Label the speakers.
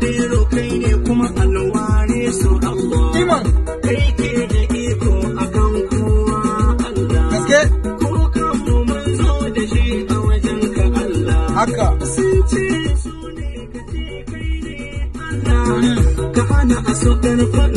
Speaker 1: kadiro kai ne kuma alware su Allah iman kai ke da iko akan kowa Allah gaske ko kan mu mun zo da shi
Speaker 2: a wajen ka Allah haka sun ce su ne kace kai ne Allah ka hana aso karfa